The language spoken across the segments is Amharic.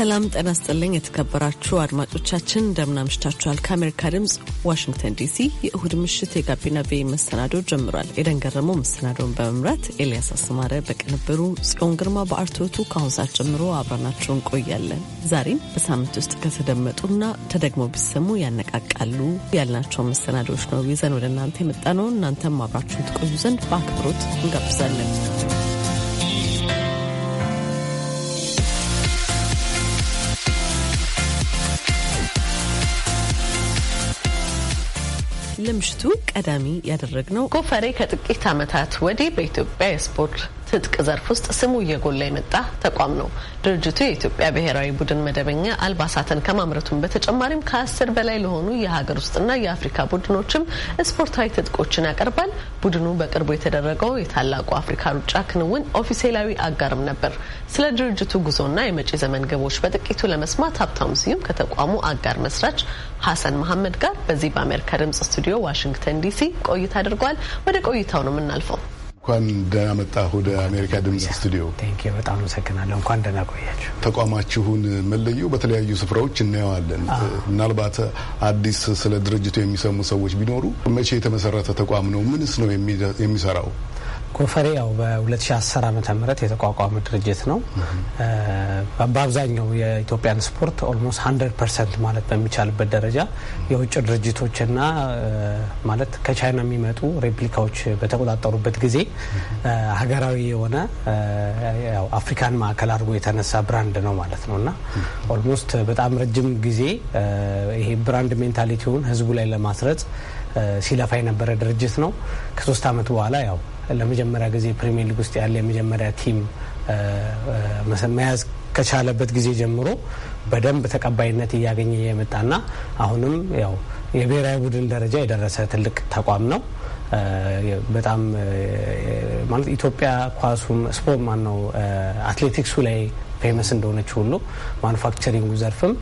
ሰላም ጤና ይስጥልኝ። የተከበራችሁ አድማጮቻችን እንደምናምሽታችኋል። ከአሜሪካ ድምፅ ዋሽንግተን ዲሲ የእሁድ ምሽት የጋቢና ቤ መሰናዶ ጀምሯል። ኤደን ገረመው መሰናዶውን በመምራት ኤልያስ አስማረ በቅንብሩ፣ ጽዮን ግርማ በአርቶቱ ከአሁን ሰዓት ጀምሮ አብረናቸው እንቆያለን። ዛሬም በሳምንት ውስጥ ከተደመጡና ተደግሞ ቢሰሙ ያነቃቃሉ ያልናቸውን መሰናዶዎች ነው ይዘን ወደ እናንተ የመጣ ነው። እናንተም አብራችሁን ትቆዩ ዘንድ በአክብሮት እንጋብዛለን። ለምሽቱ ቀዳሚ ያደረግነው ጎፈሬ ከጥቂት ዓመታት ወዲህ በኢትዮጵያ የስፖርት ትጥቅ ዘርፍ ውስጥ ስሙ እየጎላ የመጣ ተቋም ነው። ድርጅቱ የኢትዮጵያ ብሔራዊ ቡድን መደበኛ አልባሳትን ከማምረቱም በተጨማሪም ከአስር በላይ ለሆኑ የሀገር ውስጥና የአፍሪካ ቡድኖችም ስፖርታዊ ትጥቆችን ያቀርባል። ቡድኑ በቅርቡ የተደረገው የታላቁ አፍሪካ ሩጫ ክንውን ኦፊሴላዊ አጋርም ነበር። ስለ ድርጅቱ ጉዞና የመጪ ዘመን ግቦች በጥቂቱ ለመስማት ሀብታሙ ስዩም ከተቋሙ አጋር መስራች ሀሰን መሀመድ ጋር በዚህ በአሜሪካ ድምጽ ስቱዲዮ ዋሽንግተን ዲሲ ቆይታ አድርጓል። ወደ ቆይታው ነው የምናልፈው። እንኳን ደህና መጣ ወደ አሜሪካ ድምጽ ስቱዲዮ። በጣም አመሰግናለሁ። እንኳን ደህና ቆያችሁ። ተቋማችሁን መለየው በተለያዩ ስፍራዎች እናየዋለን። ምናልባት አዲስ ስለ ድርጅቱ የሚሰሙ ሰዎች ቢኖሩ መቼ የተመሰረተ ተቋም ነው? ምንስ ነው የሚሰራው? ኮፈሬ ያው በ2010 ዓ ም የተቋቋመ ድርጅት ነው። በአብዛኛው የኢትዮጵያን ስፖርት ኦልሞስት 100 ፐርሰንት ማለት በሚቻልበት ደረጃ የውጭ ድርጅቶችና ማለት ከቻይና የሚመጡ ሬፕሊካዎች በተቆጣጠሩበት ጊዜ ሀገራዊ የሆነ አፍሪካን ማዕከል አድርጎ የተነሳ ብራንድ ነው ማለት ነው እና ኦልሞስት በጣም ረጅም ጊዜ ይሄ ብራንድ ሜንታሊቲውን ህዝቡ ላይ ለማስረጽ ሲለፋ የነበረ ድርጅት ነው። ከሶስት ዓመት በኋላ ያው ለመጀመሪያ ጊዜ ፕሪሚየር ሊግ ውስጥ ያለ የመጀመሪያ ቲም መያዝ ከቻለበት ጊዜ ጀምሮ በደንብ ተቀባይነት እያገኘ የመጣና አሁንም ያው የብሔራዊ ቡድን ደረጃ የደረሰ ትልቅ ተቋም ነው። በጣም ማለት ኢትዮጵያ ኳሱም ስፖርት ማን ነው አትሌቲክሱ ላይ ፌመስ እንደሆነች ሁሉ ማኑፋክቸሪንጉ ዘርፍም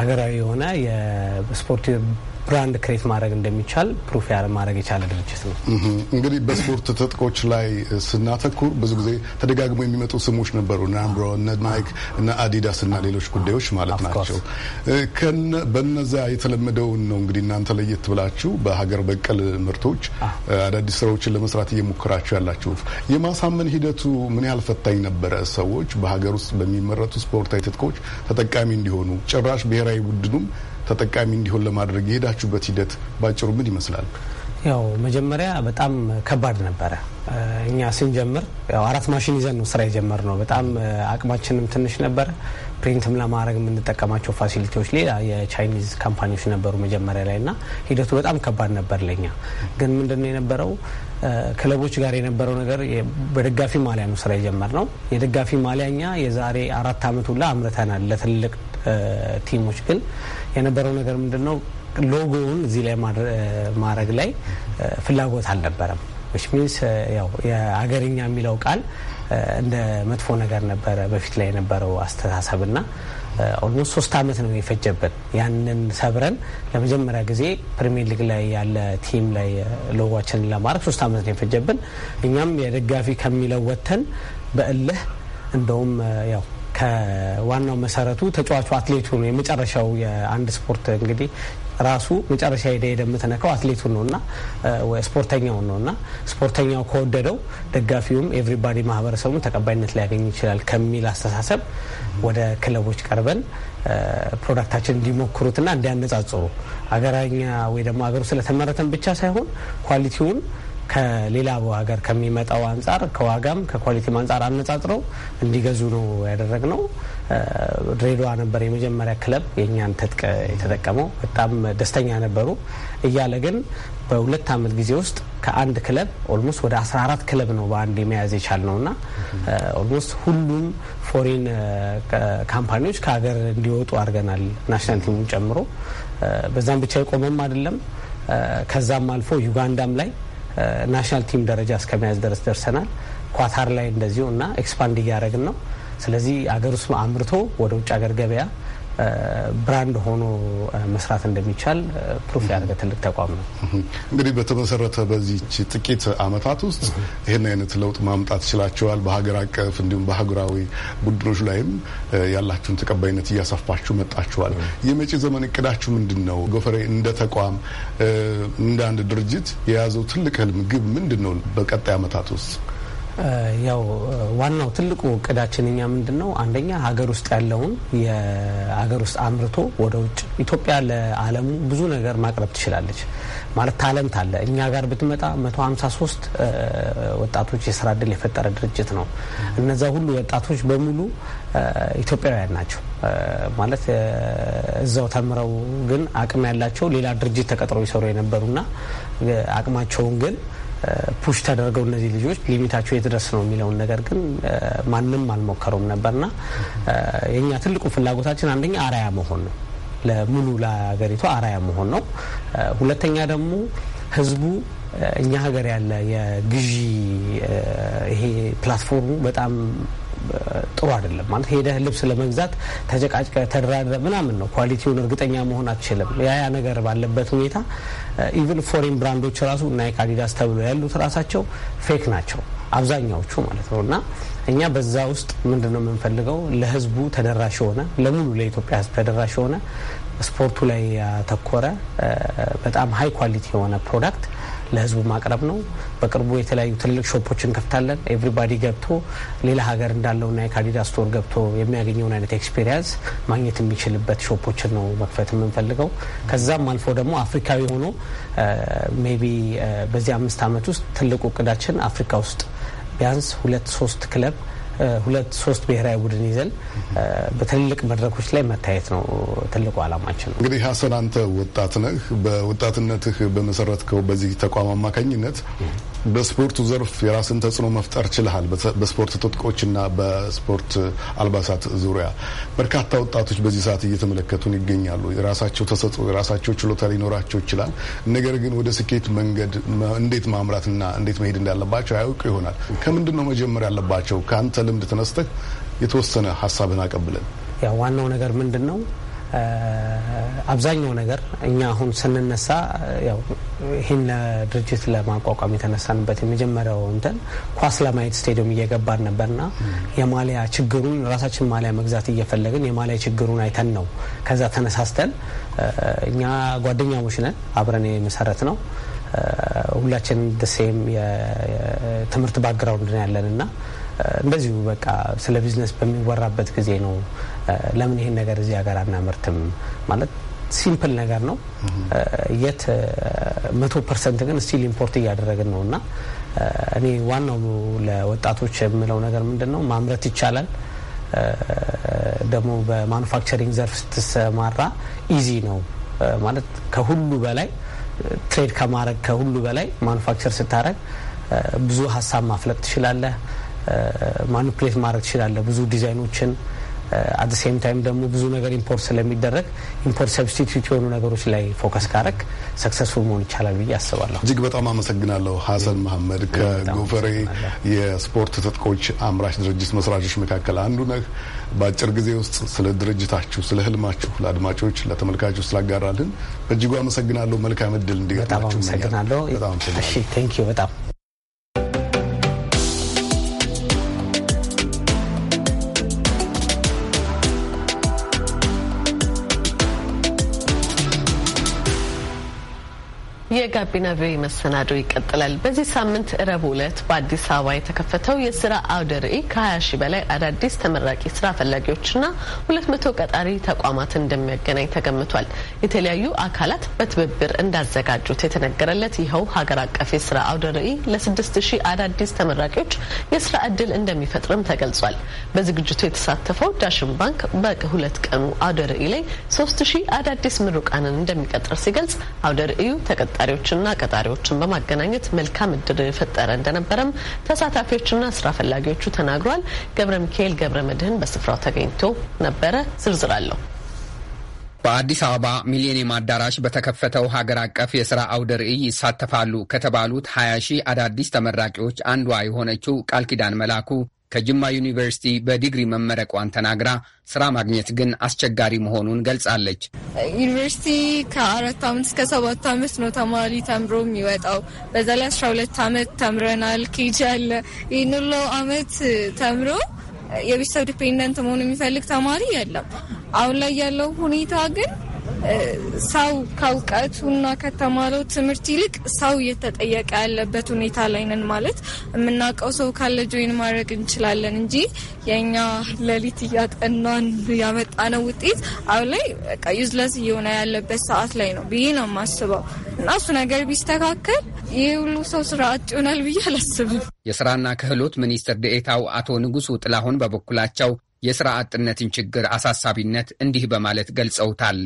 ሀገራዊ የሆነ የስፖርት ብራንድ ክሬት ማድረግ እንደሚቻል ፕሩፍ ማድረግ የቻለ ድርጅት ነው። እንግዲህ በስፖርት ትጥቆች ላይ ስናተኩር ብዙ ጊዜ ተደጋግሞ የሚመጡ ስሞች ነበሩ፣ እነ እነ ናይክ፣ እነ አዲዳስ እና ሌሎች ጉዳዮች ማለት ናቸው። በነዚያ የተለመደውን ነው እንግዲህ እናንተ ለየት ብላችሁ በሀገር በቀል ምርቶች አዳዲስ ስራዎችን ለመስራት እየሞከራችሁ ያላችሁ። የማሳመን ሂደቱ ምን ያህል ፈታኝ ነበረ? ሰዎች በሀገር ውስጥ በሚመረቱ ስፖርታዊ ትጥቆች ተጠቃሚ እንዲሆኑ ጭራሽ ብሔራዊ ቡድኑም ተጠቃሚ እንዲሆን ለማድረግ የሄዳችሁበት ሂደት ባጭሩ ምን ይመስላል? ያው መጀመሪያ በጣም ከባድ ነበረ። እኛ ስንጀምር ያው አራት ማሽን ይዘን ነው ስራ የጀመር ነው። በጣም አቅማችንም ትንሽ ነበረ። ፕሪንትም ለማድረግ የምንጠቀማቸው ፋሲሊቲዎች ሌላ የቻይኒዝ ካምፓኒዎች ነበሩ መጀመሪያ ላይ እና ሂደቱ በጣም ከባድ ነበር ለኛ። ግን ምንድነው የነበረው ክለቦች ጋር የነበረው ነገር በደጋፊ ማሊያ ነው ስራ የጀመር ነው። የደጋፊ ማሊያ እኛ የዛሬ አራት አመት ሁላ አምርተናል ለትልቅ ቲሞች ግን የነበረው ነገር ምንድን ነው? ሎጎውን እዚህ ላይ ማድረግ ላይ ፍላጎት አልነበረም። ዊች ሚንስ ያው የአገርኛ የሚለው ቃል እንደ መጥፎ ነገር ነበረ በፊት ላይ የነበረው አስተሳሰብና ኦልሞስት ሶስት አመት ነው የፈጀብን። ያንን ሰብረን ለመጀመሪያ ጊዜ ፕሪሚየር ሊግ ላይ ያለ ቲም ላይ ሎጓችንን ለማድረግ ሶስት አመት ነው የፈጀብን። እኛም የደጋፊ ከሚለው ወጥተን በእልህ እንደውም ያው ከዋናው መሰረቱ ተጫዋቹ አትሌቱ ነው። የመጨረሻው የአንድ ስፖርት እንግዲህ ራሱ መጨረሻ ሄደ የምትነካው አትሌቱን ነውና ስፖርተኛውን ነውና ስፖርተኛው ከወደደው ደጋፊውም ኤቭሪባዲ ማህበረሰቡ ተቀባይነት ሊያገኝ ይችላል ከሚል አስተሳሰብ ወደ ክለቦች ቀርበን ፕሮዳክታችን እንዲሞክሩትና እንዲያነጻጽሩ አገራኛ ወይ ደግሞ አገሩ ስለተመረተን ብቻ ሳይሆን ኳሊቲውን ከሌላው ሀገር ከሚመጣው አንጻር ከዋጋም ከኳሊቲም አንጻር አነጻጽረው እንዲገዙ ነው ያደረግነው። ድሬዳዋ ነበር የመጀመሪያ ክለብ የእኛን ትጥቅ የተጠቀመው። በጣም ደስተኛ ነበሩ። እያለ ግን በሁለት ዓመት ጊዜ ውስጥ ከአንድ ክለብ ኦልሞስት ወደ 14 ክለብ ነው በአንድ የመያዝ የቻል ነው እና ኦልሞስት ሁሉም ፎሬን ካምፓኒዎች ከሀገር እንዲወጡ አድርገናል፣ ናሽናል ቲሙን ጨምሮ። በዛም ብቻ የቆመም አይደለም። ከዛም አልፎ ዩጋንዳም ላይ ናሽናል ቲም ደረጃ እስከመያዝ ድረስ ደርሰናል። ኳታር ላይ እንደዚሁ እና ኤክስፓንድ እያደረግን ነው። ስለዚህ አገር ውስጥ አምርቶ ወደ ውጭ ሀገር ገበያ ብራንድ ሆኖ መስራት እንደሚቻል ፕሩፍ ያደረገ ትልቅ ተቋም ነው። እንግዲህ በተመሰረተ በዚች ጥቂት አመታት ውስጥ ይህን አይነት ለውጥ ማምጣት ችላቸዋል። በሀገር አቀፍ እንዲሁም በሀገራዊ ቡድኖች ላይም ያላችሁን ተቀባይነት እያሰፋችሁ መጣችኋል። የመጪ ዘመን እቅዳችሁ ምንድን ነው? ጎፈሬ እንደ ተቋም እንደ አንድ ድርጅት የያዘው ትልቅ ህልም ግብ ምንድን ነው በቀጣይ አመታት ውስጥ? ያው ዋናው ትልቁ እቅዳችን እኛ ምንድን ነው አንደኛ ሀገር ውስጥ ያለውን የሀገር ውስጥ አምርቶ ወደ ውጭ ኢትዮጵያ ለዓለሙ ብዙ ነገር ማቅረብ ትችላለች። ማለት ታለንት አለ። እኛ ጋር ብትመጣ መቶ5ምሳ ሶስት ወጣቶች የስራ እድል የፈጠረ ድርጅት ነው። እነዛ ሁሉ ወጣቶች በሙሉ ኢትዮጵያውያን ናቸው። ማለት እዛው ተምረው ግን አቅም ያላቸው ሌላ ድርጅት ተቀጥረው ይሰሩ የነበሩና አቅማቸውን ግን ፑሽ ተደርገው እነዚህ ልጆች ሊሚታቸው የድረስ ነው የሚለውን ነገር ግን ማንም አልሞከረውም ነበርና የእኛ ትልቁ ፍላጎታችን አንደኛ አርአያ መሆን ነው፣ ለሙሉ ለሀገሪቱ አርአያ መሆን ነው። ሁለተኛ ደግሞ ህዝቡ እኛ ሀገር ያለ የግዢ ይሄ ፕላትፎርሙ በጣም ጥሩ አይደለም። ማለት ሄደህ ልብስ ለመግዛት ተጨቃጭቀ ተደራድረ ምናምን ነው ኳሊቲውን እርግጠኛ መሆን አትችልም። ያያ ነገር ባለበት ሁኔታ ኢቭን ፎሬን ብራንዶች ራሱ ናይክ፣ አዲዳስ ተብሎ ያሉት ራሳቸው ፌክ ናቸው አብዛኛዎቹ ማለት ነው። እና እኛ በዛ ውስጥ ምንድን ነው የምንፈልገው ለህዝቡ ተደራሽ የሆነ ለሙሉ ለኢትዮጵያ ህዝብ ተደራሽ የሆነ ስፖርቱ ላይ ያተኮረ በጣም ሀይ ኳሊቲ የሆነ ፕሮዳክት ለህዝቡ ማቅረብ ነው። በቅርቡ የተለያዩ ትልልቅ ሾፖችን እንከፍታለን። ኤቭሪባዲ ገብቶ ሌላ ሀገር እንዳለውና የካዲዳ ስቶር ገብቶ የሚያገኘውን አይነት ኤክስፔሪንስ ማግኘት የሚችልበት ሾፖችን ነው መክፈት የምንፈልገው። ከዛም አልፎ ደግሞ አፍሪካዊ ሆኖ ሜቢ በዚህ አምስት ዓመት ውስጥ ትልቁ እቅዳችን አፍሪካ ውስጥ ቢያንስ ሁለት ሶስት ክለብ ሁለት ሶስት ብሔራዊ ቡድን ይዘን በትልልቅ መድረኮች ላይ መታየት ነው ትልቁ አላማችን ነው። እንግዲህ ሀሰን አንተ ወጣት ነህ። በወጣትነትህ በመሰረትከው በዚህ ተቋም አማካኝነት በስፖርቱ ዘርፍ የራስን ተጽዕኖ መፍጠር ችልሃል። በስፖርት ትጥቆችና በስፖርት አልባሳት ዙሪያ በርካታ ወጣቶች በዚህ ሰዓት እየተመለከቱን ይገኛሉ። የራሳቸው ተሰጥኦ የራሳቸው ችሎታ ሊኖራቸው ይችላል። ነገር ግን ወደ ስኬት መንገድ እንዴት ማምራትና እንዴት መሄድ እንዳለባቸው አያውቁ ይሆናል። ከምንድን ነው መጀመር ያለባቸው? ከአንተ ልምድ ተነስተህ የተወሰነ ሀሳብህን አቀብለን። ያው ዋናው ነገር ምንድን ነው አብዛኛው ነገር እኛ አሁን ስንነሳ ያው ይህን ድርጅት ለማቋቋም የተነሳንበት የመጀመሪያው እንትን ኳስ ለማየት ስቴዲየም እየገባን ነበርና የማሊያ ችግሩን ራሳችን ማሊያ መግዛት እየፈለግን የማሊያ ችግሩን አይተን ነው። ከዛ ተነሳስተን እኛ ጓደኛሞች ነን፣ አብረን የመሰረት ነው። ሁላችን ደሴም የትምህርት ባግራውንድ ያለን እና እንደዚሁ በቃ ስለ ቢዝነስ በሚወራበት ጊዜ ነው ለምን ይሄን ነገር እዚህ ሀገር አናመርትም ማለት ሲምፕል ነገር ነው። የት መቶ ፐርሰንት ግን ስቲል ኢምፖርት እያደረግን ነው። እና እኔ ዋናው ለወጣቶች የምለው ነገር ምንድን ነው፣ ማምረት ይቻላል። ደግሞ በማኑፋክቸሪንግ ዘርፍ ስትሰማራ ኢዚ ነው ማለት ከሁሉ በላይ ትሬድ ከማድረግ ከሁሉ በላይ ማኑፋክቸር ስታደረግ ብዙ ሀሳብ ማፍለቅ ትችላለህ። ማኒፕሌት ማድረግ ትችላለህ ብዙ ዲዛይኖችን አት ሴም ታይም ደግሞ ብዙ ነገር ኢምፖርት ስለሚደረግ ኢምፖርት ሰብስቲቱት የሆኑ ነገሮች ላይ ፎከስ ካረግ ሰክሰስፉል መሆን ይቻላል ብዬ አስባለሁ። እጅግ በጣም አመሰግናለሁ። ሀሰን መሀመድ ከጎፈሬ የስፖርት ትጥቆች አምራች ድርጅት መስራቾች መካከል አንዱ ነህ። በአጭር ጊዜ ውስጥ ስለ ድርጅታችሁ፣ ስለ ህልማችሁ ለአድማጮች ለተመልካቾች ስላጋራልን በእጅጉ አመሰግናለሁ። መልካም እድል እንዲገጥማችሁ። በጣም አመሰግናለሁ። በጣም ጋቢና ቪ መሰናዶ ይቀጥላል። በዚህ ሳምንት ረቡዕ ዕለት በአዲስ አበባ የተከፈተው የስራ አውደ ርዕይ ከ20 ሺህ በላይ አዳዲስ ተመራቂ ስራ ፈላጊዎችና ሁለት መቶ ቀጣሪ ተቋማትን እንደሚያገናኝ ተገምቷል። የተለያዩ አካላት በትብብር እንዳዘጋጁት የተነገረለት ይኸው ሀገር አቀፍ የስራ አውደ ርዕይ ለስድስት ሺህ አዳዲስ ተመራቂዎች የስራ እድል እንደሚፈጥርም ተገልጿል። በዝግጅቱ የተሳተፈው ዳሽን ባንክ በሁለት ቀኑ አውደ ርዕይ ላይ ሶስት ሺህ አዳዲስ ምሩቃንን እንደሚቀጥር ሲገልጽ አውደ ርዕዩ ተቀጣሪዎች ሰራተኞችና ቀጣሪዎችን በማገናኘት መልካም እድል የፈጠረ እንደነበረም ተሳታፊዎችና ስራ ፈላጊዎቹ ተናግሯል። ገብረ ሚካኤል ገብረ መድህን በስፍራው ተገኝቶ ነበረ። ዝርዝር አለው። በአዲስ አበባ ሚሊኒየም አዳራሽ በተከፈተው ሀገር አቀፍ የስራ አውደ ርዕይ ይሳተፋሉ ከተባሉት 20 ሺህ አዳዲስ ተመራቂዎች አንዷ የሆነችው ቃል ኪዳን መላኩ ከጅማ ዩኒቨርሲቲ በዲግሪ መመረቋን ተናግራ ስራ ማግኘት ግን አስቸጋሪ መሆኑን ገልጻለች። ዩኒቨርሲቲ ከአራት አመት እስከ ሰባት ዓመት ነው ተማሪ ተምሮ የሚወጣው። በዛ ላይ አስራ ሁለት ዓመት ተምረናል። ኬጅ አለ። ይህን ሁሉ ተምሮ የቤተሰብ ዲፔንደንት መሆን የሚፈልግ ተማሪ የለም። አሁን ላይ ያለው ሁኔታ ግን ሰው ከእውቀቱና ከተማረው ትምህርት ይልቅ ሰው እየተጠየቀ ያለበት ሁኔታ ላይ ነን። ማለት የምናውቀው ሰው ካለ ጆይን ማድረግ እንችላለን እንጂ የእኛ ሌሊት እያጠናን ያመጣነው ውጤት አሁን ላይ ዩዝለስ እየሆነ ያለበት ሰዓት ላይ ነው ብዬ ነው የማስበው እና እሱ ነገር ቢስተካከል ይህ ሁሉ ሰው ስራ አጥ ይሆናል ብዬ አላስብም። የስራና ክህሎት ሚኒስትር ዴኤታው አቶ ንጉሱ ጥላሁን በበኩላቸው የስራ አጥነትን ችግር አሳሳቢነት እንዲህ በማለት ገልጸውታል።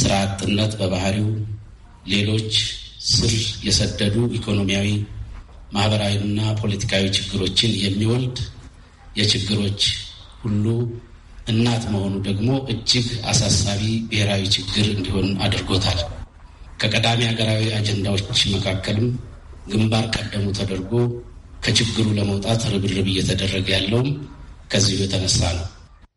ስራ አጥነት በባህሪው ሌሎች ስር የሰደዱ ኢኮኖሚያዊ፣ ማህበራዊና ፖለቲካዊ ችግሮችን የሚወልድ የችግሮች ሁሉ እናት መሆኑ ደግሞ እጅግ አሳሳቢ ብሔራዊ ችግር እንዲሆን አድርጎታል። ከቀዳሚ ሀገራዊ አጀንዳዎች መካከልም ግንባር ቀደሙ ተደርጎ ከችግሩ ለመውጣት ርብርብ እየተደረገ ያለውም ከዚሁ የተነሳ ነው።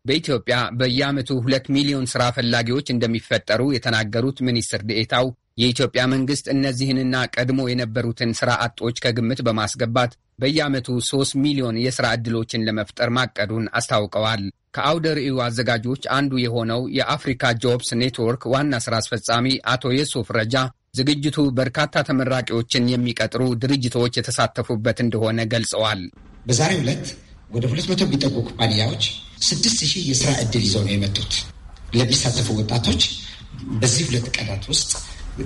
በኢትዮጵያ በየዓመቱ ሁለት ሚሊዮን ስራ ፈላጊዎች እንደሚፈጠሩ የተናገሩት ሚኒስትር ዴኤታው የኢትዮጵያ መንግስት እነዚህንና ቀድሞ የነበሩትን ሥራ አጦች ከግምት በማስገባት በየዓመቱ ሦስት ሚሊዮን የሥራ ዕድሎችን ለመፍጠር ማቀዱን አስታውቀዋል። ከአውደ ርዕዩ አዘጋጆች አንዱ የሆነው የአፍሪካ ጆብስ ኔትወርክ ዋና ሥራ አስፈጻሚ አቶ የሱፍ ረጃ ዝግጅቱ በርካታ ተመራቂዎችን የሚቀጥሩ ድርጅቶች የተሳተፉበት እንደሆነ ገልጸዋል። በዛሬው ዕለት ወደ መቶ የሚጠጉ ኩባንያዎች ስድስት ሺህ የስራ እድል ይዘው ነው የመጡት። ለሚሳተፉ ወጣቶች በዚህ ሁለት ቀናት ውስጥ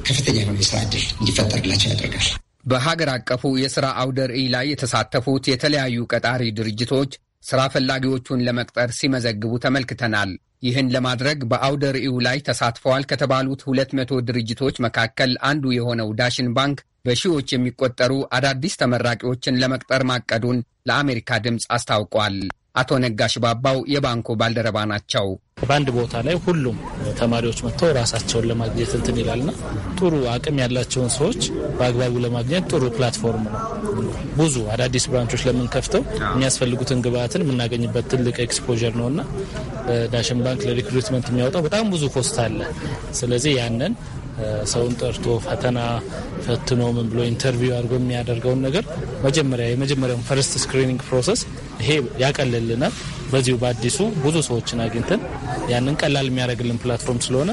ከፍተኛ የሆነ የስራ እድል እንዲፈጠርላቸው ያደርጋል። በሀገር አቀፉ የስራ አውደ ርዕይ ላይ የተሳተፉት የተለያዩ ቀጣሪ ድርጅቶች ስራ ፈላጊዎቹን ለመቅጠር ሲመዘግቡ ተመልክተናል። ይህን ለማድረግ በአውደ ርዕዩ ላይ ተሳትፈዋል ከተባሉት ሁለት መቶ ድርጅቶች መካከል አንዱ የሆነው ዳሽን ባንክ በሺዎች የሚቆጠሩ አዳዲስ ተመራቂዎችን ለመቅጠር ማቀዱን ለአሜሪካ ድምፅ አስታውቋል። አቶ ነጋሽ ባባው የባንኩ ባልደረባ ናቸው። በአንድ ቦታ ላይ ሁሉም ተማሪዎች መጥተው ራሳቸውን ለማግኘት እንትን ይላልና ጥሩ አቅም ያላቸውን ሰዎች በአግባቡ ለማግኘት ጥሩ ፕላትፎርም ነው። ብዙ አዳዲስ ብራንቾች ለምንከፍተው የሚያስፈልጉትን ግብአትን የምናገኝበት ትልቅ ኤክስፖዠር ነው እና ዳሽን ባንክ ለሪክሩትመንት የሚያወጣው በጣም ብዙ ኮስት አለ። ስለዚህ ያንን ሰውን ጠርቶ ፈተና ፈትኖ ምን ብሎ ኢንተርቪው አድርጎ የሚያደርገውን ነገር መጀመሪያ የመጀመሪያውን ፈርስት ስክሪኒንግ ፕሮሰስ ይሄ ያቀልልናል። በዚሁ በአዲሱ ብዙ ሰዎችን አግኝተን ያንን ቀላል የሚያደርግልን ፕላትፎርም ስለሆነ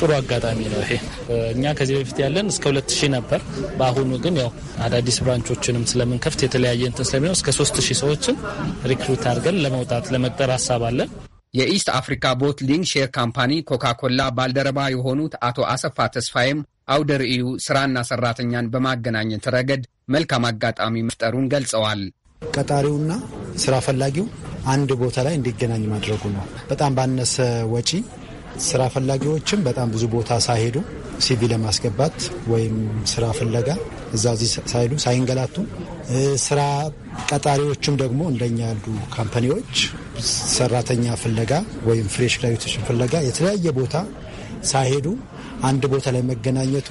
ጥሩ አጋጣሚ ነው። ይሄ እኛ ከዚህ በፊት ያለን እስከ ሁለት ነበር። በአሁኑ ግን ያው አዳዲስ ብራንቾችንም ስለምንከፍት የተለያየ እንትን ስለሚሆን እስከ ሶስት ሰዎችን ሪክሩት አድርገን ለመውጣት ለመቅጠር ሀሳብ አለን። የኢስት አፍሪካ ቦትሊንግ ሼር ካምፓኒ ኮካ ኮላ ባልደረባ የሆኑት አቶ አሰፋ ተስፋዬም አውደ ርዕዩ ስራና ሰራተኛን በማገናኘት ረገድ መልካም አጋጣሚ መፍጠሩን ገልጸዋል። ቀጣሪውና ስራ ፈላጊው አንድ ቦታ ላይ እንዲገናኝ ማድረጉ ነው። በጣም ባነሰ ወጪ ስራ ፈላጊዎችም በጣም ብዙ ቦታ ሳይሄዱ ሲቪ ለማስገባት ወይም ስራ ፍለጋ እዛ እዚህ ሳይሉ ሳይንገላቱ ስራ ቀጣሪዎችም ደግሞ እንደኛ ያሉ ካምፓኒዎች ሰራተኛ ፍለጋ ወይም ፍሬሽ ግራጁዌቶችን ፍለጋ የተለያየ ቦታ ሳይሄዱ አንድ ቦታ ላይ መገናኘቱ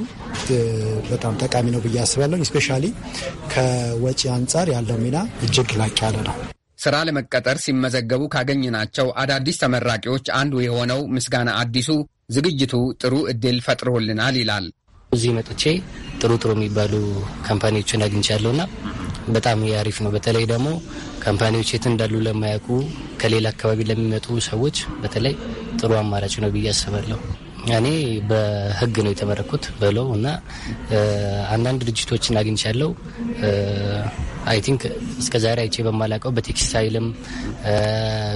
በጣም ጠቃሚ ነው ብዬ አስባለሁ። እስፔሻሊ ከወጪ አንጻር ያለው ሚና እጅግ ላቅ ያለ ነው። ስራ ለመቀጠር ሲመዘገቡ ካገኘናቸው አዳዲስ ተመራቂዎች አንዱ የሆነው ምስጋና አዲሱ ዝግጅቱ ጥሩ እድል ፈጥሮልናል ይላል። እዚህ መጥቼ ጥሩ ጥሩ የሚባሉ ካምፓኒዎችን አግኝቻለሁና በጣም አሪፍ ነው። በተለይ ደግሞ ካምፓኒዎች የት እንዳሉ ለማያውቁ ከሌላ አካባቢ ለሚመጡ ሰዎች በተለይ ጥሩ አማራጭ ነው ብዬ አስባለሁ። እኔ በህግ ነው የተመረኩት በለው እና አንዳንድ ድርጅቶችን አግኝቻለሁ አይ ቲንክ እስከ ዛሬ አይቼ በማላቀው በቴክስታይልም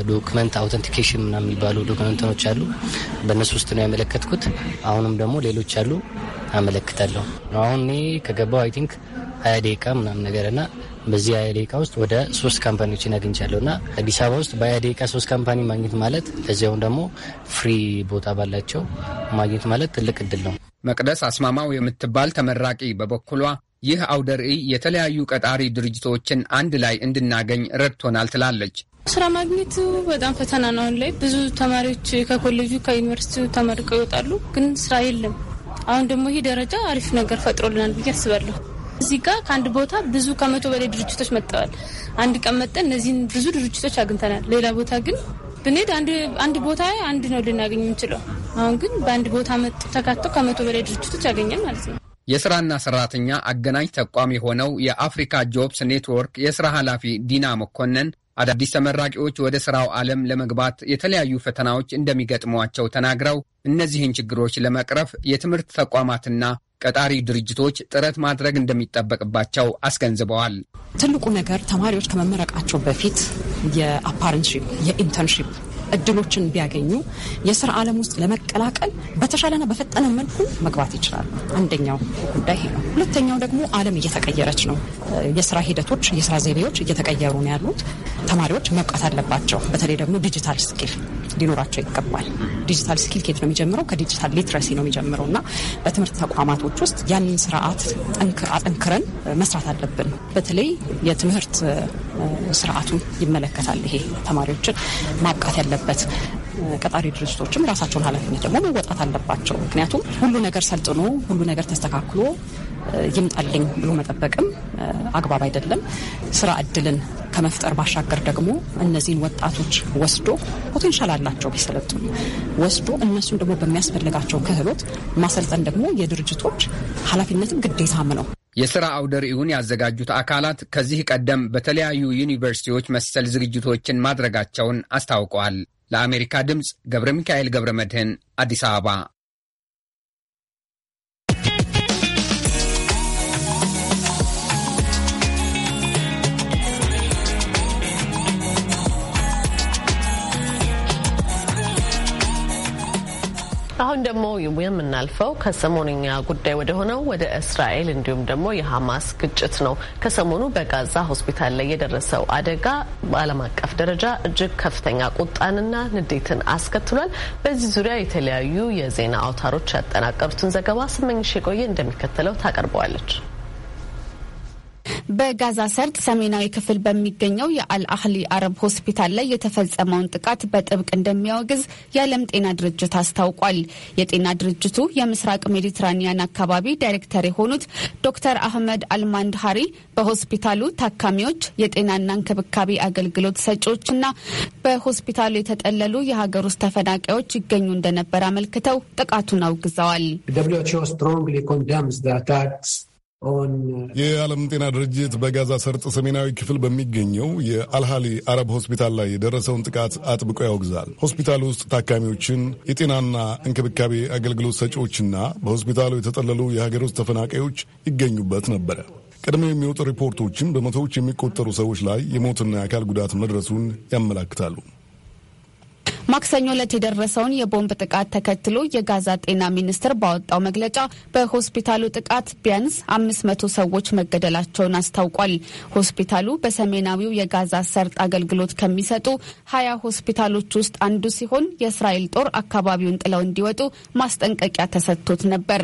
ዶክመንት አውተንቲኬሽን ምናምን የሚባሉ ዶክመንትኖች አሉ። በእነሱ ውስጥ ነው ያመለከትኩት። አሁንም ደግሞ ሌሎች አሉ አመለክታለሁ። አሁን እኔ ከገባው አይ ቲንክ ሀያ ደቂቃ ምናምን ና በዚህ ሀያ ደቂቃ ውስጥ ወደ ሶስት ካምፓኒዎችን አግኝቻለሁ እና አዲስ አበባ ውስጥ በሀያ ደቂቃ ሶስት ካምፓኒ ማግኘት ማለት ለዚያውም ደግሞ ፍሪ ቦታ ባላቸው ማግኘት ማለት ትልቅ እድል ነው። መቅደስ አስማማው የምትባል ተመራቂ በበኩሏ ይህ አውደ ርዕይ የተለያዩ ቀጣሪ ድርጅቶችን አንድ ላይ እንድናገኝ ረድቶናል ትላለች። ስራ ማግኘቱ በጣም ፈተና ነው። አሁን ላይ ብዙ ተማሪዎች ከኮሌጁ ከዩኒቨርሲቲ ተመርቀው ይወጣሉ፣ ግን ስራ የለም። አሁን ደግሞ ይህ ደረጃ አሪፍ ነገር ፈጥሮልናል ብዬ አስባለሁ። እዚህ ጋር ከአንድ ቦታ ብዙ ከመቶ በላይ ድርጅቶች መጥተዋል። አንድ ቀን መጠን እነዚህን ብዙ ድርጅቶች አግኝተናል። ሌላ ቦታ ግን ብንሄድ አንድ ቦታ አንድ ነው ልናገኝ የምንችለው። አሁን ግን በአንድ ቦታ መጡ ተካተው ከመቶ በላይ ድርጅቶች ያገኛል ማለት ነው። የስራና ሰራተኛ አገናኝ ተቋም የሆነው የአፍሪካ ጆብስ ኔትወርክ የስራ ኃላፊ ዲና መኮንን አዳዲስ ተመራቂዎች ወደ ስራው ዓለም ለመግባት የተለያዩ ፈተናዎች እንደሚገጥሟቸው ተናግረው እነዚህን ችግሮች ለመቅረፍ የትምህርት ተቋማትና ቀጣሪ ድርጅቶች ጥረት ማድረግ እንደሚጠበቅባቸው አስገንዝበዋል። ትልቁ ነገር ተማሪዎች ከመመረቃቸው በፊት የአፓረንትሺፕ የኢንተርንሺፕ እድሎችን ቢያገኙ የስራ ዓለም ውስጥ ለመቀላቀል በተሻለና በፈጠነ መልኩ መግባት ይችላሉ። አንደኛው ጉዳይ ይሄ ነው። ሁለተኛው ደግሞ አለም እየተቀየረች ነው። የስራ ሂደቶች፣ የስራ ዘይቤዎች እየተቀየሩ ነው ያሉት። ተማሪዎች መብቃት አለባቸው። በተለይ ደግሞ ዲጂታል ስኪል ሊኖራቸው ይገባል። ዲጂታል ስኪል ኬት ነው የሚጀምረው? ከዲጂታል ሊትረሲ ነው የሚጀምረው እና በትምህርት ተቋማቶች ውስጥ ያንን ስርዓት አጠንክረን መስራት አለብን። በተለይ የትምህርት ስርዓቱን ይመለከታል። ይሄ ተማሪዎችን ማብቃት ያለበት ቀጣሪ ድርጅቶችም ራሳቸውን ኃላፊነት ደግሞ መወጣት አለባቸው። ምክንያቱም ሁሉ ነገር ሰልጥኖ ሁሉ ነገር ተስተካክሎ ይምጣልኝ ብሎ መጠበቅም አግባብ አይደለም። ስራ እድልን ከመፍጠር ባሻገር ደግሞ እነዚህን ወጣቶች ወስዶ ፖቴንሻል አላቸው ቢሰለጥኑ ወስዶ እነሱን ደግሞ በሚያስፈልጋቸው ክህሎት ማሰልጠን ደግሞ የድርጅቶች ኃላፊነትም ግዴታም ነው። የሥራ አውደ ርዕዩን ያዘጋጁት አካላት ከዚህ ቀደም በተለያዩ ዩኒቨርሲቲዎች መሰል ዝግጅቶችን ማድረጋቸውን አስታውቀዋል። ለአሜሪካ ድምፅ ገብረ ሚካኤል ገብረ መድህን አዲስ አበባ አሁን ደግሞ የምናልፈው ከሰሞንኛ ጉዳይ ወደ ሆነው ወደ እስራኤል እንዲሁም ደግሞ የሀማስ ግጭት ነው። ከሰሞኑ በጋዛ ሆስፒታል ላይ የደረሰው አደጋ በዓለም አቀፍ ደረጃ እጅግ ከፍተኛ ቁጣንና ንዴትን አስከትሏል። በዚህ ዙሪያ የተለያዩ የዜና አውታሮች ያጠናቀሩትን ዘገባ ስመኝሽ የቆየ እንደሚከተለው ታቀርበዋለች። በጋዛ ሰርጥ ሰሜናዊ ክፍል በሚገኘው የአልአህሊ አረብ ሆስፒታል ላይ የተፈጸመውን ጥቃት በጥብቅ እንደሚያወግዝ የዓለም ጤና ድርጅት አስታውቋል። የጤና ድርጅቱ የምስራቅ ሜዲትራኒያን አካባቢ ዳይሬክተር የሆኑት ዶክተር አህመድ አልማንድሃሪ በሆስፒታሉ ታካሚዎች፣ የጤናና እንክብካቤ አገልግሎት ሰጪዎችና በሆስፒታሉ የተጠለሉ የሀገር ውስጥ ተፈናቃዮች ይገኙ እንደነበር አመልክተው ጥቃቱን አውግዘዋል። የዓለም ጤና ድርጅት በጋዛ ሰርጥ ሰሜናዊ ክፍል በሚገኘው የአልሃሊ አረብ ሆስፒታል ላይ የደረሰውን ጥቃት አጥብቆ ያወግዛል። ሆስፒታል ውስጥ ታካሚዎችን፣ የጤናና እንክብካቤ አገልግሎት ሰጪዎችና በሆስፒታሉ የተጠለሉ የሀገር ውስጥ ተፈናቃዮች ይገኙበት ነበረ። ቀድሞ የሚወጡ ሪፖርቶችን በመቶዎች የሚቆጠሩ ሰዎች ላይ የሞትና የአካል ጉዳት መድረሱን ያመላክታሉ። ማክሰኞ ዕለት የደረሰውን የቦምብ ጥቃት ተከትሎ የጋዛ ጤና ሚኒስቴር ባወጣው መግለጫ በሆስፒታሉ ጥቃት ቢያንስ አምስት መቶ ሰዎች መገደላቸውን አስታውቋል። ሆስፒታሉ በሰሜናዊው የጋዛ ሰርጥ አገልግሎት ከሚሰጡ ሀያ ሆስፒታሎች ውስጥ አንዱ ሲሆን የእስራኤል ጦር አካባቢውን ጥለው እንዲወጡ ማስጠንቀቂያ ተሰጥቶት ነበር።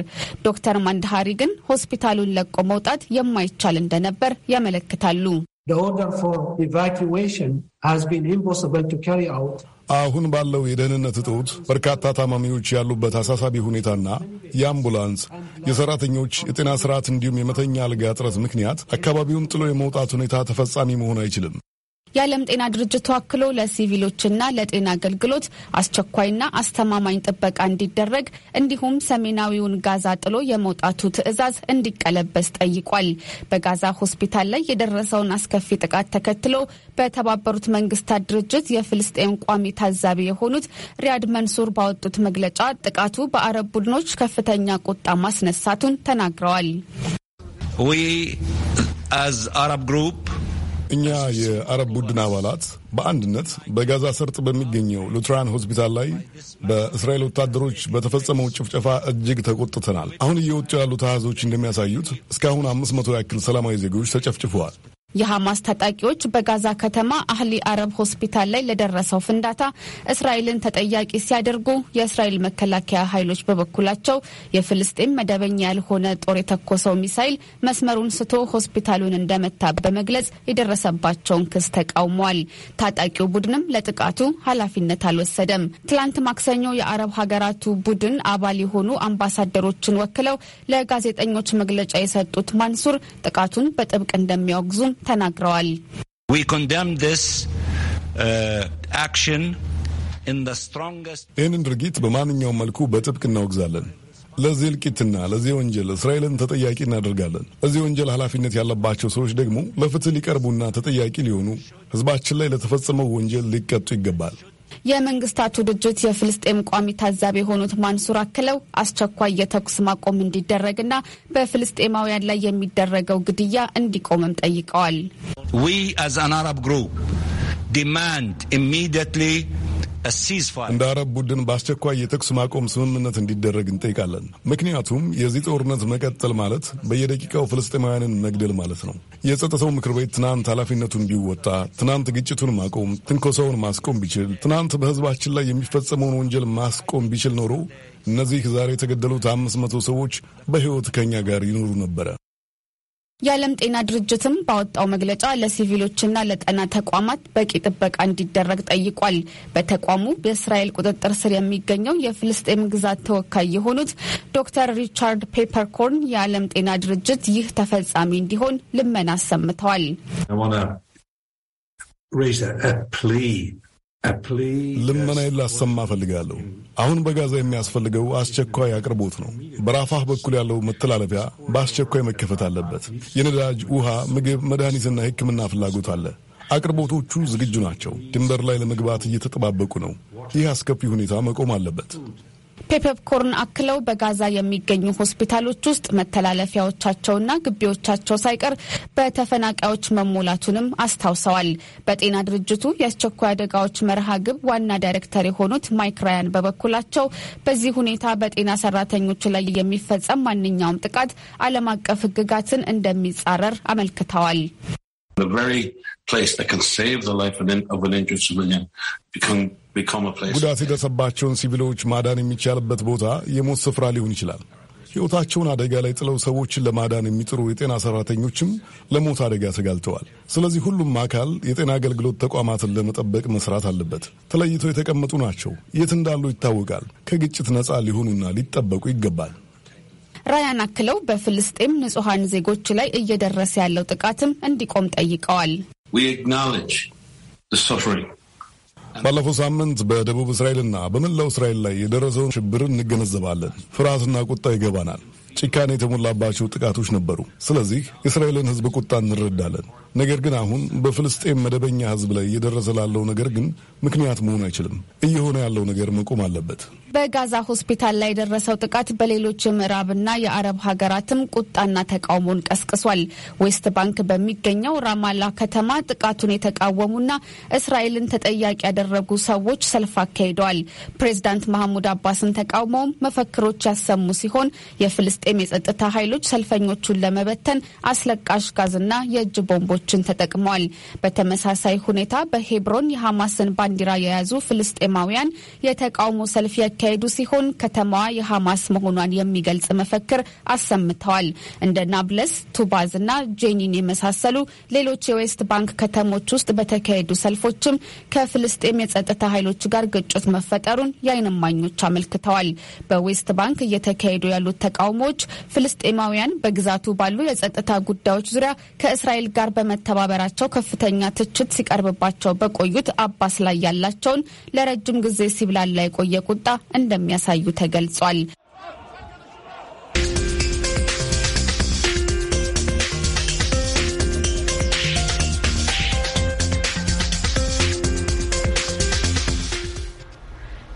ዶክተር ማንድሃሪ ግን ሆስፒታሉን ለቆ መውጣት የማይቻል እንደነበር ያመለክታሉ። The order for evacuation has been impossible to carry out አሁን ባለው የደህንነት እጦት በርካታ ታማሚዎች ያሉበት አሳሳቢ ሁኔታና የአምቡላንስ የሰራተኞች የጤና ስርዓት እንዲሁም የመተኛ አልጋ እጥረት ምክንያት አካባቢውን ጥሎ የመውጣት ሁኔታ ተፈጻሚ መሆን አይችልም። የዓለም ጤና ድርጅት ተዋክሎ ለሲቪሎችና ለጤና አገልግሎት አስቸኳይና አስተማማኝ ጥበቃ እንዲደረግ እንዲሁም ሰሜናዊውን ጋዛ ጥሎ የመውጣቱ ትዕዛዝ እንዲቀለበስ ጠይቋል። በጋዛ ሆስፒታል ላይ የደረሰውን አስከፊ ጥቃት ተከትሎ በተባበሩት መንግስታት ድርጅት የፍልስጤን ቋሚ ታዛቢ የሆኑት ሪያድ መንሱር ባወጡት መግለጫ ጥቃቱ በአረብ ቡድኖች ከፍተኛ ቁጣ ማስነሳቱን ተናግረዋል። እኛ የአረብ ቡድን አባላት በአንድነት በጋዛ ሰርጥ በሚገኘው ሉትራን ሆስፒታል ላይ በእስራኤል ወታደሮች በተፈጸመው ጭፍጨፋ እጅግ ተቆጥተናል። አሁን እየወጡ ያሉ አሃዞች እንደሚያሳዩት እስካሁን አምስት መቶ ያክል ሰላማዊ ዜጎች ተጨፍጭፈዋል። የሐማስ ታጣቂዎች በጋዛ ከተማ አህሊ አረብ ሆስፒታል ላይ ለደረሰው ፍንዳታ እስራኤልን ተጠያቂ ሲያደርጉ የእስራኤል መከላከያ ኃይሎች በበኩላቸው የፍልስጤም መደበኛ ያልሆነ ጦር የተኮሰው ሚሳይል መስመሩን ስቶ ሆስፒታሉን እንደመታ በመግለጽ የደረሰባቸውን ክስ ተቃውመዋል። ታጣቂው ቡድንም ለጥቃቱ ኃላፊነት አልወሰደም። ትላንት ማክሰኞ የአረብ ሀገራቱ ቡድን አባል የሆኑ አምባሳደሮችን ወክለው ለጋዜጠኞች መግለጫ የሰጡት ማንሱር ጥቃቱን በጥብቅ እንደሚያወግዙም ተናግረዋል። uh, ይህንን ድርጊት በማንኛውም መልኩ በጥብቅ እናወግዛለን። ለዚህ እልቂትና ለዚህ ወንጀል እስራኤልን ተጠያቂ እናደርጋለን። ለዚህ ወንጀል ኃላፊነት ያለባቸው ሰዎች ደግሞ ለፍትህ ሊቀርቡና ተጠያቂ ሊሆኑ፣ ሕዝባችን ላይ ለተፈጸመው ወንጀል ሊቀጡ ይገባል። የመንግስታቱ ድርጅት የፍልስጤም ቋሚ ታዛቢ የሆኑት ማንሱር አክለው አስቸኳይ የተኩስ ማቆም እንዲደረግና በፍልስጤማውያን ላይ የሚደረገው ግድያ እንዲቆምም ጠይቀዋል። We as an Arab እንደ አረብ ቡድን በአስቸኳይ የተኩስ ማቆም ስምምነት እንዲደረግ እንጠይቃለን። ምክንያቱም የዚህ ጦርነት መቀጠል ማለት በየደቂቃው ፍልስጤማውያንን መግደል ማለት ነው። የጸጥታው ምክር ቤት ትናንት ኃላፊነቱን ቢወጣ፣ ትናንት ግጭቱን ማቆም፣ ትንኮሳውን ማስቆም ቢችል፣ ትናንት በህዝባችን ላይ የሚፈጸመውን ወንጀል ማስቆም ቢችል ኖሮ እነዚህ ዛሬ የተገደሉት አምስት መቶ ሰዎች በሕይወት ከኛ ጋር ይኖሩ ነበረ። የዓለም ጤና ድርጅትም ባወጣው መግለጫ ለሲቪሎችና ለጤና ተቋማት በቂ ጥበቃ እንዲደረግ ጠይቋል። በተቋሙ በእስራኤል ቁጥጥር ስር የሚገኘው የፍልስጤም ግዛት ተወካይ የሆኑት ዶክተር ሪቻርድ ፔፐርኮርን የዓለም ጤና ድርጅት ይህ ተፈጻሚ እንዲሆን ልመና አሰምተዋል። ልመናዬን ላሰማ እፈልጋለሁ። አሁን በጋዛ የሚያስፈልገው አስቸኳይ አቅርቦት ነው። በራፋህ በኩል ያለው መተላለፊያ በአስቸኳይ መከፈት አለበት። የነዳጅ፣ ውሃ፣ ምግብ፣ መድኃኒትና የሕክምና ፍላጎት አለ። አቅርቦቶቹ ዝግጁ ናቸው። ድንበር ላይ ለመግባት እየተጠባበቁ ነው። ይህ አስከፊ ሁኔታ መቆም አለበት። ፔፐርኮርን አክለው በጋዛ የሚገኙ ሆስፒታሎች ውስጥ መተላለፊያዎቻቸውና ግቢዎቻቸው ሳይቀር በተፈናቃዮች መሞላቱንም አስታውሰዋል። በጤና ድርጅቱ የአስቸኳይ አደጋዎች መርሃ ግብ ዋና ዳይሬክተር የሆኑት ማይክ ራያን በበኩላቸው በዚህ ሁኔታ በጤና ሰራተኞች ላይ የሚፈጸም ማንኛውም ጥቃት ዓለም አቀፍ ሕግጋትን እንደሚጻረር አመልክተዋል። The very place that can save the life of an injured civilian become ጉዳት የደረሰባቸውን ሲቪሎች ማዳን የሚቻልበት ቦታ የሞት ስፍራ ሊሆን ይችላል። ሕይወታቸውን አደጋ ላይ ጥለው ሰዎችን ለማዳን የሚጥሩ የጤና ሰራተኞችም ለሞት አደጋ ተጋልጠዋል። ስለዚህ ሁሉም አካል የጤና አገልግሎት ተቋማትን ለመጠበቅ መስራት አለበት። ተለይተው የተቀመጡ ናቸው። የት እንዳሉ ይታወቃል። ከግጭት ነፃ ሊሆኑና ሊጠበቁ ይገባል። ራያን አክለው በፍልስጤም ንጹሐን ዜጎች ላይ እየደረሰ ያለው ጥቃትም እንዲቆም ጠይቀዋል። ባለፈው ሳምንት በደቡብ እስራኤልና በመላው እስራኤል ላይ የደረሰውን ሽብር እንገነዘባለን። ፍርሃትና ቁጣ ይገባናል። ጭካኔ የተሞላባቸው ጥቃቶች ነበሩ። ስለዚህ የእስራኤልን ሕዝብ ቁጣ እንረዳለን። ነገር ግን አሁን በፍልስጤም መደበኛ ሕዝብ ላይ እየደረሰ ላለው ነገር ግን ምክንያት መሆን አይችልም። እየሆነ ያለው ነገር መቆም አለበት። በጋዛ ሆስፒታል ላይ የደረሰው ጥቃት በሌሎች የምዕራብና የአረብ ሀገራትም ቁጣና ተቃውሞን ቀስቅሷል። ዌስት ባንክ በሚገኘው ራማላ ከተማ ጥቃቱን የተቃወሙና እስራኤልን ተጠያቂ ያደረጉ ሰዎች ሰልፍ አካሂደዋል። ፕሬዚዳንት መሐሙድ አባስን ተቃውሞውም መፈክሮች ያሰሙ ሲሆን የፍልስ የፍልስጤም የጸጥታ ኃይሎች ሰልፈኞቹን ለመበተን አስለቃሽ ጋዝና የእጅ ቦምቦችን ተጠቅመዋል። በተመሳሳይ ሁኔታ በሄብሮን የሐማስን ባንዲራ የያዙ ፍልስጤማውያን የተቃውሞ ሰልፍ ያካሄዱ ሲሆን ከተማዋ የሐማስ መሆኗን የሚገልጽ መፈክር አሰምተዋል። እንደ ናብለስ፣ ቱባዝ እና ጄኒን የመሳሰሉ ሌሎች የዌስት ባንክ ከተሞች ውስጥ በተካሄዱ ሰልፎችም ከፍልስጤም የጸጥታ ኃይሎች ጋር ግጭት መፈጠሩን የአይንማኞች አመልክተዋል። በዌስት ባንክ እየተካሄዱ ያሉት ተቃውሞ ድርጅቶች ፍልስጤማውያን በግዛቱ ባሉ የጸጥታ ጉዳዮች ዙሪያ ከእስራኤል ጋር በመተባበራቸው ከፍተኛ ትችት ሲቀርብባቸው በቆዩት አባስ ላይ ያላቸውን ለረጅም ጊዜ ሲብላላ የቆየ ቁጣ እንደሚያሳዩ ተገልጿል።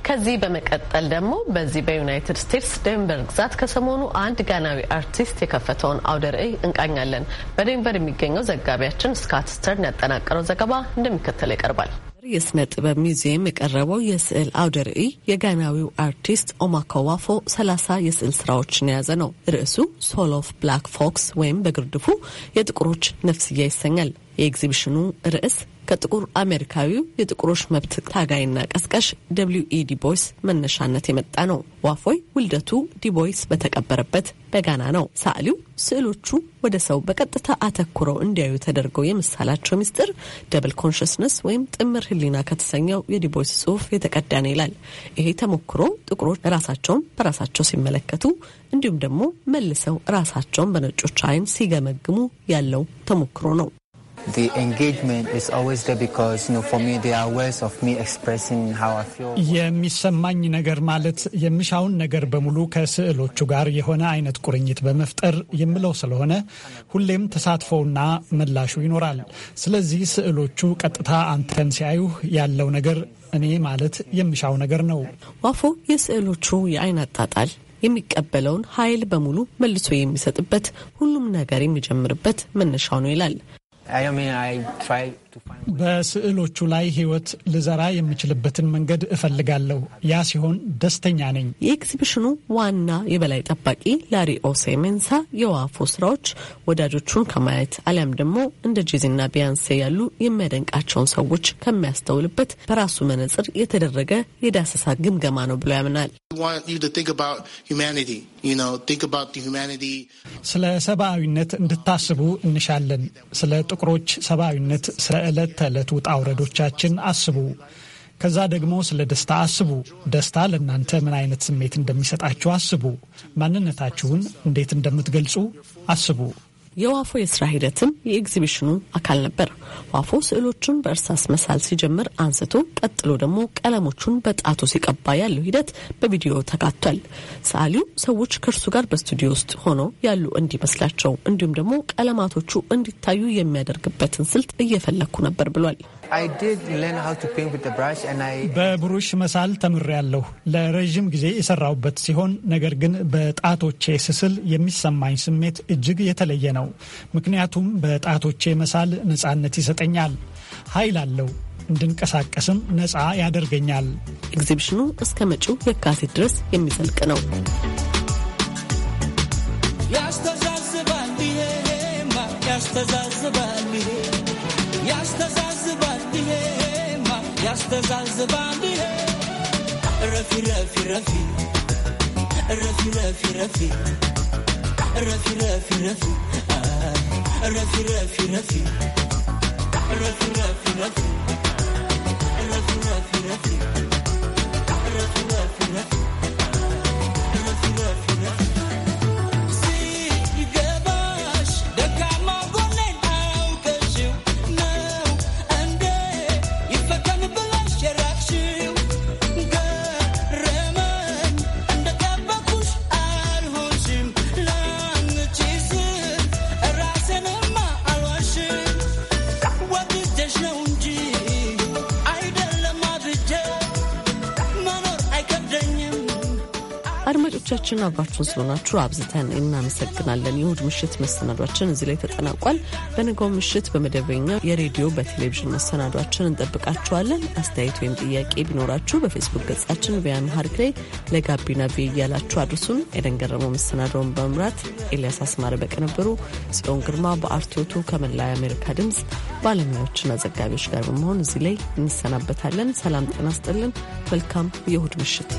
ከዚህ በመቀጠል ደግሞ በዚህ በዩናይትድ ስቴትስ ዴንቨር ግዛት ከሰሞኑ አንድ ጋናዊ አርቲስት የከፈተውን አውደ ርዕይ እንቃኛለን። በዴንቨር የሚገኘው ዘጋቢያችን ስካት ስተርን ያጠናቀረው ዘገባ እንደሚከተል ይቀርባል። የስነ ጥበብ ሚዚየም የቀረበው የስዕል አውደ ርዕይ የጋናዊው አርቲስት ኦማኮዋፎ ሰላሳ የስዕል ስራዎችን የያዘ ነው። ርዕሱ ሶል ኦፍ ብላክ ፎክስ ወይም በግርድፉ የጥቁሮች ነፍስያ ይሰኛል። የኤግዚቢሽኑ ርዕስ ከጥቁር አሜሪካዊው የጥቁሮች መብት ታጋይና ቀስቀሽ ደብሊው ኢ ዲቦይስ መነሻነት የመጣ ነው። ዋፎይ ውልደቱ ዲቦይስ በተቀበረበት በጋና ነው። ሳሊው ስዕሎቹ ወደ ሰው በቀጥታ አተኩረው እንዲያዩ ተደርገው የምሳላቸው ምስጢር ደብል ኮንሽስነስ ወይም ጥምር ህሊና ከተሰኘው የዲቦይስ ጽሑፍ የተቀዳ ነው ይላል። ይሄ ተሞክሮ ጥቁሮች ራሳቸውን በራሳቸው ሲመለከቱ እንዲሁም ደግሞ መልሰው ራሳቸውን በነጮች ዓይን ሲገመግሙ ያለው ተሞክሮ ነው። የሚሰማኝ ነገር ማለት የምሻውን ነገር በሙሉ ከስዕሎቹ ጋር የሆነ አይነት ቁርኝት በመፍጠር የምለው ስለሆነ ሁሌም ተሳትፎውና ምላሹ ይኖራል። ስለዚህ ስዕሎቹ ቀጥታ አንተን ሲያዩ ያለው ነገር እኔ ማለት የምሻው ነገር ነው። ዋፎ የስዕሎቹ የአይን አጣጣል የሚቀበለውን ኃይል በሙሉ መልሶ የሚሰጥበት ሁሉም ነገር የሚጀምርበት መነሻው ነው ይላል። I mean, I try በስዕሎቹ ላይ ህይወት ልዘራ የምችልበትን መንገድ እፈልጋለሁ። ያ ሲሆን ደስተኛ ነኝ። የኤግዚቢሽኑ ዋና የበላይ ጠባቂ ላሪ ኦሴ ሜንሳ የዋፎ ስራዎች ወዳጆቹን ከማየት አሊያም ደግሞ እንደ ጄዚና ቢያንሴ ያሉ የሚያደንቃቸውን ሰዎች ከሚያስተውልበት በራሱ መነጽር የተደረገ የዳሰሳ ግምገማ ነው ብሎ ያምናል። ስለ ሰብአዊነት እንድታስቡ እንሻለን። ስለ ጥቁሮች ሰብአዊነት፣ ስለ የዕለት ተዕለት ውጣ ውረዶቻችን አስቡ። ከዛ ደግሞ ስለ ደስታ አስቡ። ደስታ ለእናንተ ምን አይነት ስሜት እንደሚሰጣችሁ አስቡ። ማንነታችሁን እንዴት እንደምትገልጹ አስቡ። የዋፎ የስራ ሂደትም የኤግዚቢሽኑ አካል ነበር። ዋፎ ስዕሎቹን በእርሳስ መሳል ሲጀምር አንስቶ ቀጥሎ ደግሞ ቀለሞቹን በጣቱ ሲቀባ ያለው ሂደት በቪዲዮ ተካቷል። ሰዓሊው ሰዎች ከእርሱ ጋር በስቱዲዮ ውስጥ ሆነው ያሉ እንዲመስላቸው እንዲሁም ደግሞ ቀለማቶቹ እንዲታዩ የሚያደርግበትን ስልት እየፈለግኩ ነበር ብሏል። በብሩሽ መሳል ተምሬያለሁ። ለረዥም ጊዜ የሰራሁበት ሲሆን ነገር ግን በጣቶቼ ስስል የሚሰማኝ ስሜት እጅግ የተለየ ነው። ምክንያቱም በጣቶቼ መሳል ነፃነት ይሰጠኛል፣ ኃይል አለው። እንድንቀሳቀስም ነፃ ያደርገኛል። ኤግዚቢሽኑ እስከ መጪው የካቲት ድረስ የሚዘልቅ ነው። ያስተዛዝባል ያስተዛዝባል ያስተዛዝ Rafi, Rafi, Rafi, Rafi, አድማጮቻችን አብራችሁን ስለሆናችሁ አብዝተን እናመሰግናለን። የእሁድ ምሽት መሰናዷችን እዚህ ላይ ተጠናቋል። በነገው ምሽት በመደበኛ የሬዲዮ በቴሌቪዥን መሰናዷችን እንጠብቃችኋለን። አስተያየት ወይም ጥያቄ ቢኖራችሁ በፌስቡክ ገጻችን ቪያምሃሪክ ላይ ለጋቢና ቪ እያላችሁ አድርሱን። ኤደን ገረመው መሰናዳውን በመምራት ኤልያስ አስማረ በቅንብሩ፣ ጽዮን ግርማ በአርቶቱ ከመላ የአሜሪካ ድምፅ ባለሙያዎችና ዘጋቢዎች ጋር በመሆን እዚህ ላይ እንሰናበታለን። ሰላም ጤና ስጥልን። መልካም የእሁድ ምሽት